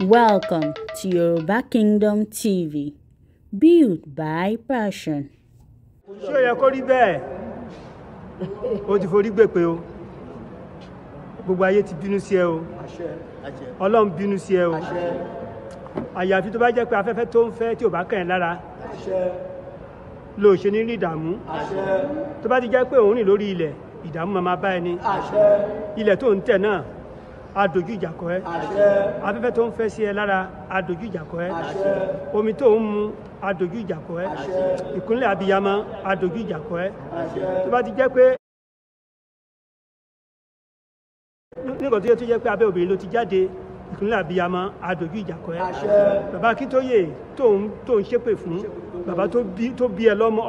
Welcome to Yoruba Kingdom TV, built by passion. Ṣé ó yẹ kó rí bẹ́ẹ̀? O ti forí gbèpè o. Gbogbo ayé ti bínú sí ẹ o. Ọlọ́run bínú sí ẹ o. Àyàfi tó bá jẹ́ pé afẹ́fẹ́ tó ń fẹ́ tí ò bá kàn ẹ́ lára. Lò ṣe ní rí ìdààmú. Tó bá ti jẹ́ pé òun rìn lórí ilẹ̀, ìdààmú máa bá ẹni. Ilẹ̀ tó ń tẹ̀ náà adojú ìjà kọ ẹ́ afẹ́fẹ́ tó ń fẹ́ sí ẹ lára adojú ìjà kọ ẹ́ omi tó ń mu adojú ìjà kọ ẹ́ ìkúnlẹ̀ abiyamọ adojú ìjà kọ tó bá ti jẹ́ pé nígbà tó yẹ tó jẹ́ pé abẹ́ obìnrin ló ti jáde ìpínlẹ̀ abiyamọ adojú ìjà kọ ẹ bàbá akíntóyè tó ń tó ń ṣépè fún bàbá tó bí ẹ lọ́mọ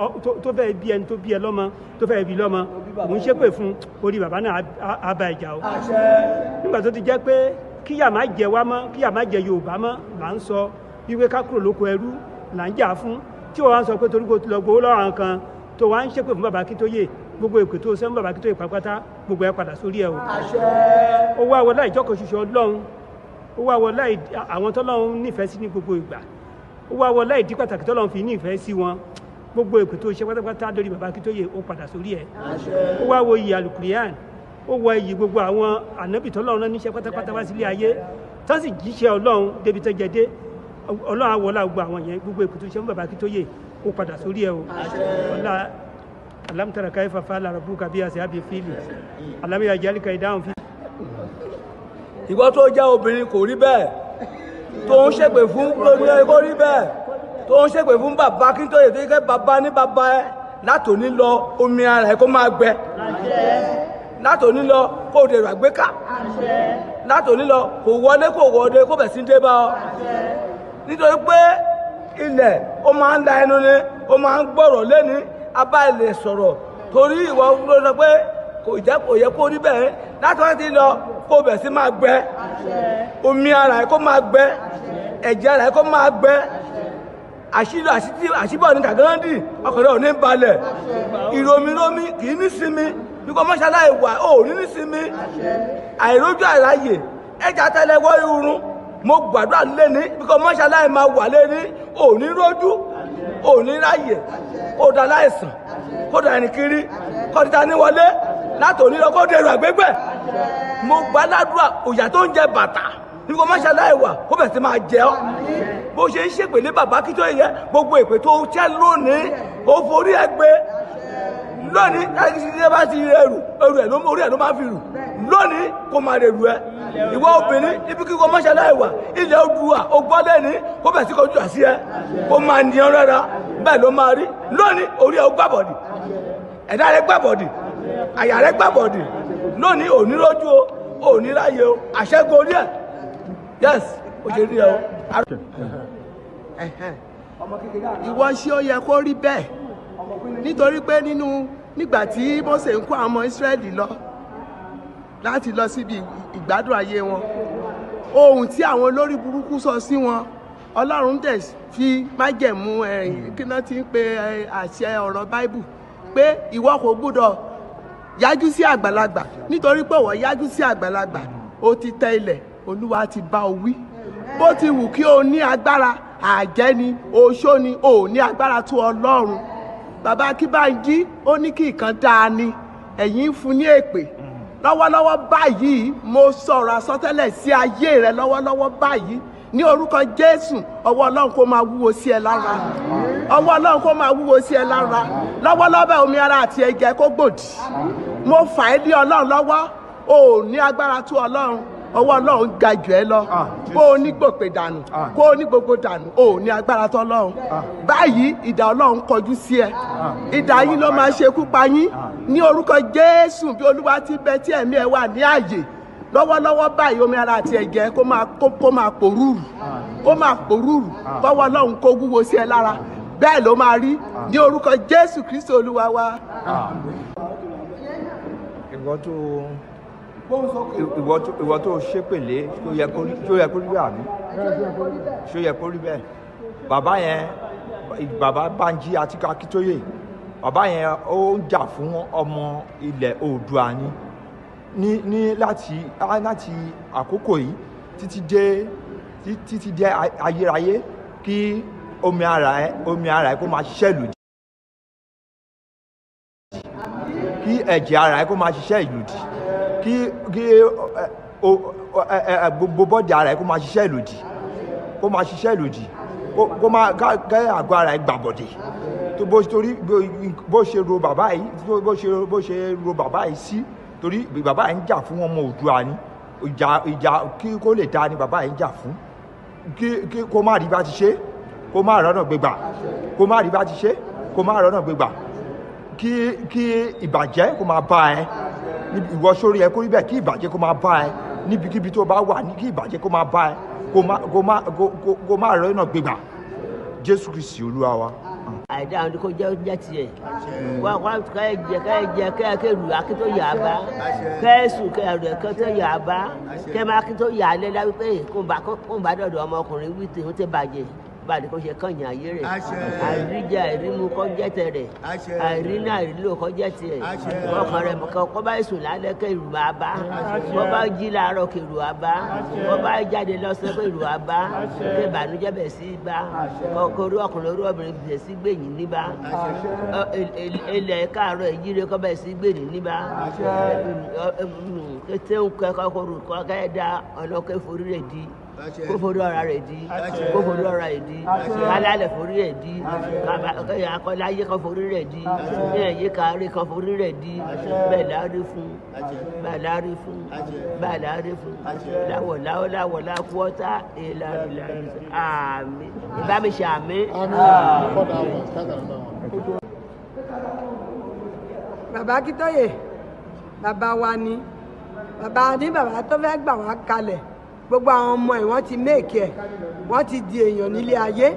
tó fẹ́ bí ẹni tó bí ẹ lọ́mọ tó fẹ́ bí lọ́mọ mò ń ṣépè fún orí bàbá náà á ba ìjà o nígbà tó ti jẹ́ pé kíyà má jẹ wá mọ́ kíyà má jẹ yorùbá mọ́ là ń sọ wípé ká kúrò lóko ẹrú là ń jà fún tí wọ́n wá ń sọ pé torí lọ gbowó lọ́rọ̀ nǹkan tó wá ń ṣépè fún bàbá akíntóyè gbogbo èpè tó sẹ́nu bàbá akíntóyè pàápàá gbogbo ẹ padà sórí ẹ o. owó àwọn aláìjọ́kọ̀ ṣoṣo ọlọ́run ó wá wọ láì àwọn tọ́lọ́run nífẹ̀ẹ́ sí ní gbogbo ìgbà ó wá wọ láì dí pàtàkì tọ́lọ́run fi nífẹ̀ẹ́ sí wọn gbogbo èpè tó ṣe pátápátá lórí bàbá Akíntóyè ó padà sórí ẹ̀ ó wá wo iyì alukurian ó wọ iyì gbogbo àwọn ànábì tọ́lọ́run náà níṣẹ́ pátápátá wá sílé ayé tó sì jíṣẹ́ ọlọ́run débi tó jẹdé ọlọ́run àwọlá gbogbo àwọn yẹn gbogbo èpè tó ṣe fún bàbá Akíntóyè ó padà sórí ẹ̀ o ọlá alamtara kaifa fala rabbuka bi ashabi fili alam yajalika idahum fi ìwọ tó jẹ́ obìnrin kò rí bẹ́ẹ̀ tó ń ṣègbè fún kó rí tó ń ṣègbè fún bàbá tó yẹ bàbá ní bàbá ẹ látòní omi ara ẹ kó máa gbẹ látòní lọ kó o dèrò àgbéká látòní lọ kò wọlé kò wọlé kó bẹ̀ sí dé bá ọ nítorí pé ilẹ̀ ó máa ń da ẹnu ni ó máa ń lẹ́ni abá ilẹ̀ sọ̀rọ̀ torí ìwọ pé kò jẹ́ kò yẹ kó rí bẹ́ẹ̀ láti wọ́n ti lọ kó bẹ̀ sí máa gbẹ omi ara ẹ̀ kó máa gbẹ ẹ̀jẹ̀ ara ẹ̀ kó máa gbẹ àṣìlò àṣìbọ̀ ní kàgáńdì ọkọ̀rẹ́ ò ní balẹ̀ ìròmírómi kì í nísinmi bí kò mọ́ṣálá ìwà ò ní nísinmi àìrójú àìráyè ẹja tẹlẹwọ́ irun mo gbàdúrà lẹ́ni bí kò mọ́ṣálá ìmà wà lẹ́ni ò ní rójú ò ní ráyè kó dá láìsàn kó dá ẹnì kiri kó dá ní wọlé látòní lọ kó dèrò àgbégbẹ̀ mo gbà ládùúrà òyà tó ń jẹ bàtà ní kò má ṣe aláìwà kó bẹ̀ sí máa jẹ ọ́ bó ṣe ń ṣèpèlé bàbá kító yẹ gbogbo èpè tó tẹ́ lónìí ó forí ẹ gbé lónìí láti ṣe ṣe bá ti rẹ rù ẹrù ẹ ló mọ orí ẹ ló máa fi rù lónìí kò máa rè rù ẹ ìwọ obìnrin ibi kíkọ mọ́ṣẹ́ aláìwà ilẹ̀ Oòduà ogbọ́ lẹ́ni kó bẹ̀ sí kojú àṣì ẹ kó máa ní ọ rárá bẹ́ẹ̀ ló máa rí lónìí orí ẹ ó gbàbọ̀dì ẹ̀dá rẹ gbàbọ̀dì àyà rẹ gbàbọ̀dì lónìí ònírójú o òníráyè o àṣẹ́gun orí ẹ̀ yes o ṣe rí ẹ o. ìwọ ṣé ó yẹ kó rí bẹ́ẹ̀ nítorí pé nínú nígbà tí Mósè ń kó àwọn ọmọ Ísírẹ́lì lọ láti lọ síbi ìgbádùn ayé wọn ohun tí àwọn olórí burúkú sọ sí wọn Ọlọ́run dẹ̀ fi májẹ̀mú kí náà ti ń pe àṣẹ ọ̀rọ̀ Báíbù pé ìwọ kò gbúdọ̀ yájú sí àgbàlagbà nítorí pé wọ́n yájú sí àgbàlagbà O ti tẹ ilẹ̀ olúwa ti bá o wí bó ti wù kí o ní agbára àjẹ́ ni oṣó ni o ní agbára tó ọlọ́run bàbá akínbánjí ó ní kí nǹkan dáa ni ẹ̀yin ń fún ní èpè lọ́wọ́lọ́wọ́ báyìí mo sọ̀rọ̀ àsọtẹ́lẹ̀ sí ayé rẹ lọ́wọ́lọ́wọ́ báyìí ní orúkọ jésù ọwọ́ ọlọ́run kó máa wúwo sí ẹ lára ọwọ́ ọlọ́run kó máa wúwo sí ẹ lára lọ́wọ́lọ́wọ́ omi ara àti ẹ̀jẹ̀ kó gbòdì mo fà é lé ọlọ́run lọ́wọ́ o ò ní agbára tó ọlọ́run ọwọ́ ọlọ́run ga jù ẹ lọ ah, kó o ní gbòpè dànù ah. kó o ní gbogbo dànù o ò ní agbára tó ọlọ́run ah. báyìí ìdá ọlọ́run kọjú sí ẹ ìdá yín ló máa ṣekú pa yín ní orúkọ jésù bí olúwa ti bẹ tí ẹ̀mí ẹ wà ní àyè lọ́wọ́lọ́wọ́ báyìí omi ara àti ẹ̀jẹ̀ kó máa pòrúurù kó máa pòrúurù kọ́wọ́ ọlọ́run kó wúwo sí ẹ lára bẹ́ẹ̀ ló máa rí ní orúkọ jésù kristi olúwa wa. Amen ìwọ tó ìwọ tó ìwọ tó ṣépèlé tó yẹ kó rí bẹ́ẹ̀ àbí tó yẹ kó rí bẹ́ẹ̀ bàbá yẹn bàbá Banji Akíntóyè bàbá yẹn ó ń jà fún ọmọ ilẹ̀ Oòduà ni ní ní láti láti àkókò yìí títí dé títí dé ayérayé kí omi ara ẹ omi ara ẹ kó máa ṣiṣẹ́ lòdì kí ẹ̀jẹ̀ ara ẹ kó máa ṣiṣẹ́ ìlòdì kí kí gbogbo bọ́dì ara ẹ kó máa ṣiṣẹ́ ìlòdì kó máa ṣiṣẹ́ ìlòdì kó máa kẹ́ àgọ́ ara ẹ gbàbọ̀dẹ̀ bó torí bó ṣe ro bàbá yìí bó ṣe bó ṣe ro bàbá yìí sí torí bàbá yìí ń jà fún ọmọ Oòduà ni ìjà ìjà kí kó lè dáa ni bàbá yìí ń jà fún kí kí kó má rí bá ti ṣe kó má rọ́nà gbégbà kó má rí bá ti ṣe kó má rọ́nà gbégbà kí kí ìbàjẹ́ kó máa bá ẹ ìwọ sórí ẹ kó rí bẹ́ẹ̀ kí ìbàjẹ́ kó máa bá ẹ níbikíbi tó bá wà ní kí ìbàjẹ́ kó máa bá ẹ kó má kó má kó má rẹ náà gbégbà jésù kristi olúwa wa. àìdá àwọn kò jẹ́ oúnjẹ tiẹ̀ wọ́n kọ́ ká ẹ jẹ ká ẹ jẹ ká ẹ kéru akí tó yà á bá ká ẹ sùn ká ẹ rẹ̀ ká tó yà á bá ká ẹ má yà á lé lábẹ́ pé kó ń bá dọ̀dọ̀ ọmọkùnrin wí àbàdì kò ṣe kànyìn ayé rẹ̀ àìríjà àìrímu kọjá tẹ rẹ̀ àìrínà àìrílò kọjá tiẹ̀ ọkàn rẹ̀ mọ̀kàn kọ́ bá sùn lálẹ́ kẹ́ ìrù àbá bọ́ bá jí làárọ̀ kẹ́ ìrù àbá bọ́ bá jáde lọ́sẹ̀ kẹ́ ìrù àbá kẹ́ ìbànújẹ́ bẹ̀ sí ibà kọ́ orí ọkùnrin orí obìnrin bẹ̀ sí gbẹ̀yìn níbà ilẹ̀ káàárọ̀ ìjíire kọ́ bẹ̀ sí gbẹ̀yìn níbà kété òkè kọkọrò kọkẹ da ọlọkẹ forí rẹ di kóforí ọ̀ra rẹ̀ di kóforí ọ̀ra rẹ̀ di kálálẹ̀ forí rẹ̀ di akọ́láyé kan forí rẹ̀ di ẹ̀yẹ kárí kan forí rẹ̀ di bẹ́ẹ̀ láàrí fún bẹ́ẹ̀ láàrí fún bẹ́ẹ̀ láàrí fún láwọ̀ láwọ̀ láwọ̀ láwọ̀ ọ́tá èèlà ìlànà àmì ìbámi ṣe àmì. bàbá Akíntóyè bàbá wa ni bàbá ní bàbá tó fẹ́ gbà wá kalẹ̀ gbogbo àwọn ọmọ ẹ̀ wọ́n ti méèkì ẹ̀ wọ́n ti di èèyàn nílé ayé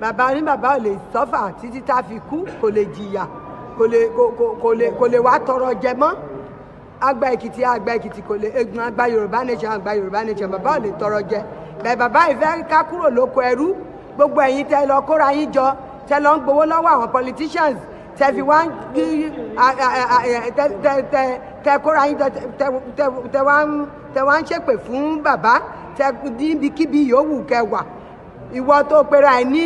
bàbá ní bàbá ò lè sọ́fà títí tá a fi kú kò lè jìyà kò lè kò lè kò lè wá tọrọ jẹ mọ́ àgbà èkìtì àgbà èkìtì kò lè egun àgbà yorùbá nation àgbà yorùbá nation bàbá ò lè tọrọ jẹ bẹ́ẹ̀ bàbá ìfẹ́ ká kúrò lóko ẹrú gbogbo ẹ̀yin tẹ́ lọ kóra yín jọ tẹ́ lọ ń gbowó lọ́wọ́ àwọn politicians tẹ̀fi wá ń yí tẹ kóra yín tẹ wá ń ṣépè fún bàbá tẹ níbikíbi yòówù kẹwà ìwọ tó pera ẹ ní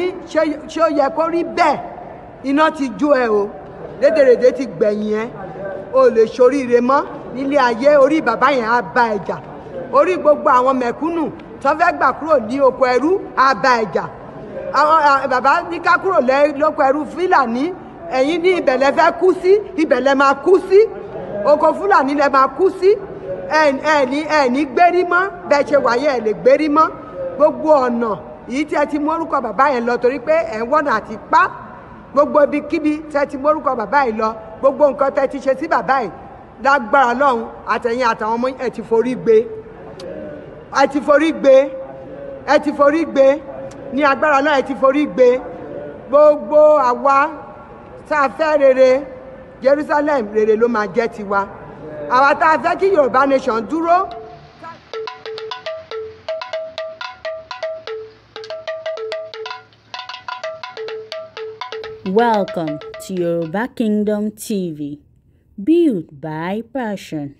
ṣé ó yẹ kó rí bẹ́ẹ̀ iná ti jó ẹ o lédèrèdè ti gbẹ̀yìn ẹ o lè ṣoríire mọ́ nílé ayé orí bàbá yẹn á bá ẹ jà orí gbogbo àwọn mẹ̀kúnnù tó fẹ́ gbà kúrò ní oko ẹrú á bá ẹ jà bàbá ní ká kúrò lóko ẹrú fílàní ẹ̀yin ní ibẹ̀ lẹ fẹ́ kú sí ibẹ̀ lẹ máa kú sí oko fúlàní lẹ máa kú sí ẹ̀ẹ̀ni ẹ̀ẹ̀ni gbérí mọ́ bẹ́ẹ̀ ṣe wáyé ẹ̀ lè gbérí mọ́ gbogbo ọ̀nà yìí tí ẹ ti mórúkọ bàbá yẹn lọ torí pé ẹ̀ ń wọ́nà àti pa gbogbo ibikíbi tí ẹ ti mórúkọ bàbá yìí lọ gbogbo nǹkan tẹ́ ti ṣe sí bàbá yìí lágbára lọ́hùn àtẹ̀yìn àtàwọn ọmọ ẹ̀ ti forí gbé ẹ̀ ti forí gbé ẹ̀ ti forí gbé ní agbára náà ẹ̀ ti forí gbé gbogbo àwa tá a fẹ́ rere Jerusalem rere ló máa jẹ́ tiwa àwa tá a fẹ́ kí Yorùbá nation dúró. Welcome to Yoruba Kingdom TV, built by passion.